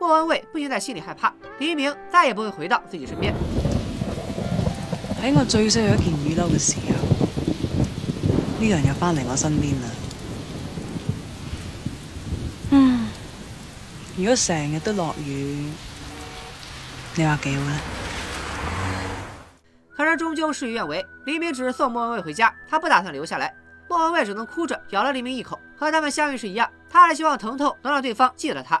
莫文蔚不禁在心裏害怕，黎明再也不會回到自己身邊。喺我最需要一件雨褸嘅時候，呢個人又翻嚟我身邊啦。嗯，如果成日都落雨，你話幾好呢？可是終究事與願違，黎明只是送莫文蔚回家，他不打算留下來。莫文蔚只能哭着咬了黎明一口，和他們相遇時一樣，他還希望疼痛能讓對方記得他。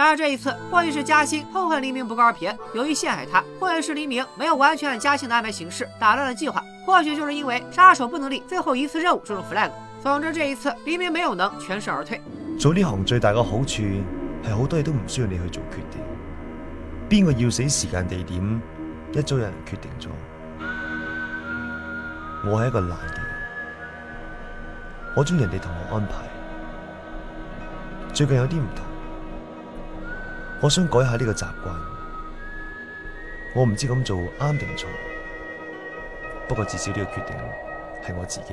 然而這一次，或許是嘉興痛恨黎明不告而別，由於陷害他，或許是黎明沒有完全按嘉興的安排行事，打亂了計劃，或許就是因為殺手不能立，最後一次任務進入 flag。總之，這一次黎明沒有能全身而退。做呢行的最大嘅好處係好多嘢都唔需要你去做決定，邊個要死、時間、地點，一早有人決定咗。我係一個懶嘅人，我中意人哋同我安排。最近有啲唔同。我想改下呢個習慣，我唔知咁做啱定錯，不過至少呢個決定係我自己。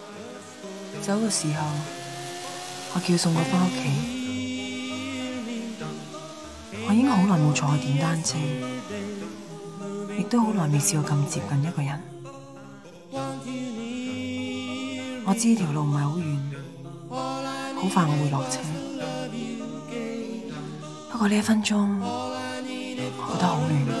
走嘅時候，我叫佢送我返屋企。我已經好耐冇坐過電單車，亦都好耐未試過咁接近一個人。我知條路唔係好遠，好快我會落車。不過呢一分鐘，我覺得好暖。